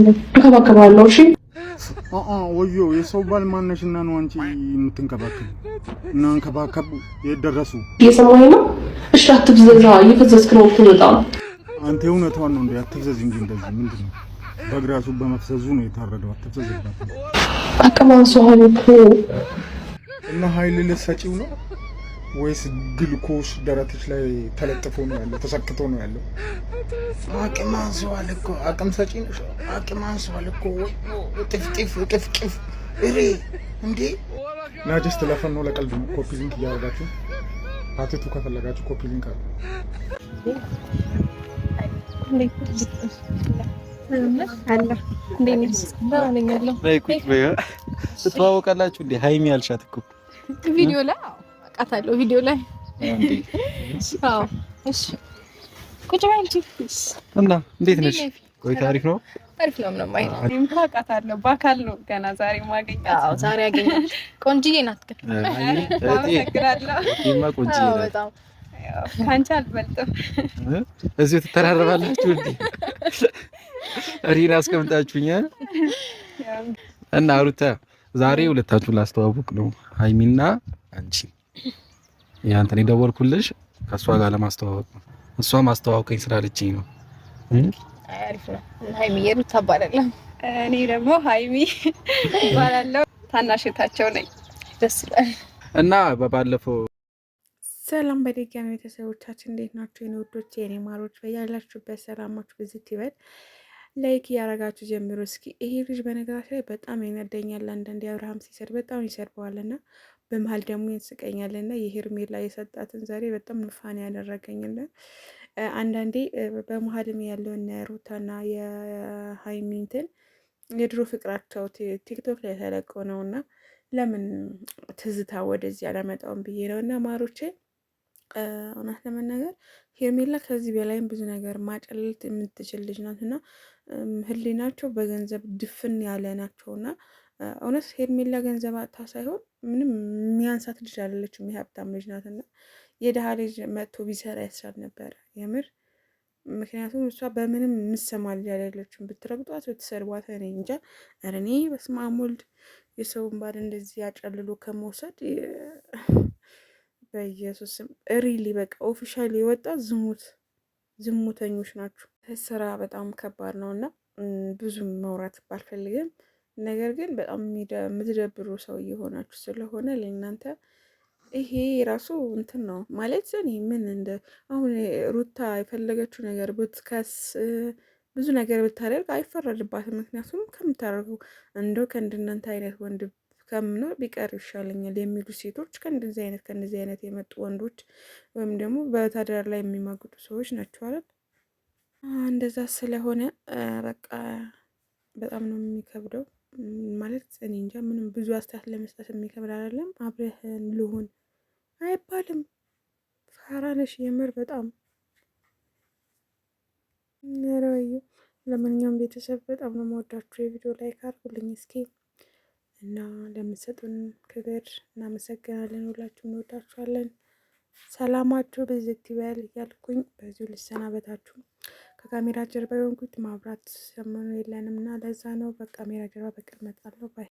እንከባከባለሁ። እሺ ወዮ የሰው ባል ማነሽና ነው አንቺ የምትንከባከብ እና እንከባከቡ የደረሱ እየሰማኝ ነው። እሺ አትብዘዛ፣ እየፈዘዝክ ነው እኮ በጣም አንተ እውነቷን ነው እንዴ? አትብዘዝ እንጂ እንደዚህ ምንድን ነው በእግራሱ በመፍሰዙ ነው የታረደው። አትብዘዝባት አቀማን ሰው እኮ እና ኃይል ልትሰጪው ነው ወይስ ግልኮሽ ደረትሽ ላይ ተለጥፎ ነው ያለው? ተሰክቶ ነው ያለው? አቅም አንሰዋል እኮ አቅም ሰጪ ነሽ። አቅም አንሰዋል እኮ ጥፍጥፍ ጥፍጥፍ እሬ እንዴ ናጀስት ነው ለቀልድ ነው። ኮፒ ሊንክ እያደረጋችሁ አትቱ። ከፈለጋችሁ ኮፒ ሊንክ አለ አለ ስትዋወቃላችሁ እንዴ ሀይሚ ያልሻት እኮ ቪዲዮ ላይ አቃታለሁ ቪዲዮ ላይ አዎ። እሺ ቁጭ በይ እንጂ እና እንዴት ነሽ? ቆይ ታሪክ ነው አሪፍ ነው። ምንም አይነት አውቃታለሁ በአካል ነው ገና ዛሬ ማገኛት። አዎ ዛሬ አገኛት። ቆንጅዬ ናት አመሰግናለሁ። ቆንጅዬ ናት በጣም ከአንቺ አልበልጥም። እዚሁ ትተራረባላችሁ እንዴ? እኔን አስቀምጣችሁኛል። እና ሩታ ዛሬ ሁለታችሁ ላስተዋውቅ ነው ሀይሚና አንቺ ያንተ ነው የደወልኩልሽ ከእሷ ጋር ለማስተዋወቅ ነው። እሷ ማስተዋወቀኝ ስላለችኝ ነው። አሪፍ ነው። ሀይሚዬ ሩት እኔ ደግሞ ሀይሚ እባላለሁ። ታናሽታቸው ነኝ። ደስ ይላል። እና በባለፈው ሰላም በድጋሚ ቤተሰቦቻችን እንዴት ናችሁ? የኔ ውዶች፣ የኔ ማሮች በያላችሁበት ሰላማችሁ ብዝት ይበል። ላይክ እያረጋችሁ ጀምሮ እስኪ ይሄ ልጅ በነገራችን ላይ በጣም ይነደኛል። አንዳንድ የአብርሃም ሲሰድ በጣም ይሰድበዋልና በመሀል ደግሞ ያስቀኛልና የሄርሜላ የሰጣትን ዛሬ በጣም ንፋን ያደረገኝልን። አንዳንዴ በመሀልም ያለውን ሩታና የሀይሚንትን የድሮ ፍቅራቸው ቲክቶክ ላይ ተለቀው እና ለምን ትዝታ ወደዚህ አላመጣውም ብዬ ነው። እና ማሮቼ እውነት ለመናገር ሄርሜላ ከዚህ በላይም ብዙ ነገር ማጨለት የምትችል ልጅ ናት እና ህሊናቸው በገንዘብ ድፍን ያለ ናቸውና እውነት ሄርሜላ ገንዘብ አታ ሳይሆን ምንም የሚያንሳት ልጅ አይደለችም። የሀብታም ልጅ ናት እና የድሀ ልጅ መጥቶ ቢሰራ ያስራል ነበረ የምር። ምክንያቱም እሷ በምንም የምሰማ ልጅ አይደለችም። ብትረግጧት ብትሰርቧት እኔ እንጃ። ኧረ እኔ በስመ አብ ወልድ የሰውን ባል እንደዚህ ያጨልሎ ከመውሰድ በኢየሱስም ሪሊ በቃ ኦፊሻል የወጣ ዝሙት ዝሙተኞች ናቸው። ስራ በጣም ከባድ ነው እና ብዙም መውራት ባልፈልግም ነገር ግን በጣም የምትደብሩ ሰው እየሆናችሁ ስለሆነ ለእናንተ ይሄ ራሱ እንትን ነው ማለት እኔ ምን እንደ አሁን ሩታ የፈለገችው ነገር ብትከስ ብዙ ነገር ብታደርግ አይፈረድባትም። ምክንያቱም ከምታደርገው እንደው ከእንደናንተ አይነት ወንድ ከምኖር ቢቀር ይሻለኛል የሚሉ ሴቶች ከእንደዚህ አይነት ከእንደዚህ አይነት የመጡ ወንዶች ወይም ደግሞ በትዳር ላይ የሚማግጡ ሰዎች ናቸው አይደል? እንደዛ ስለሆነ በቃ በጣም ነው የሚከብደው። ማለት እኔ እንጃ ምንም ብዙ አስተያየት ለመስጠት የሚከብድ አይደለም። አብረህን ልሁን አይባልም። ነሽ የምር በጣም ረዩ። ለማንኛውም ቤተሰብ በጣም ነው መወዳችሁ። የቪዲዮ ላይክ አድርጉልኝ እስኪ እና ለምሰጡን ክብር እናመሰግናለን። ሁላችሁ እንወዳችኋለን። ሰላማችሁ በዚህ ይበል እያልኩኝ በዚሁ ልሰናበታችሁ። ከካሜራ ጀርባ የሆንኩት ማብራት ሰሞኑ የለንም እና ለዛ ነው። በካሜራ ጀርባ በቅርብ መጣለሁ ባይ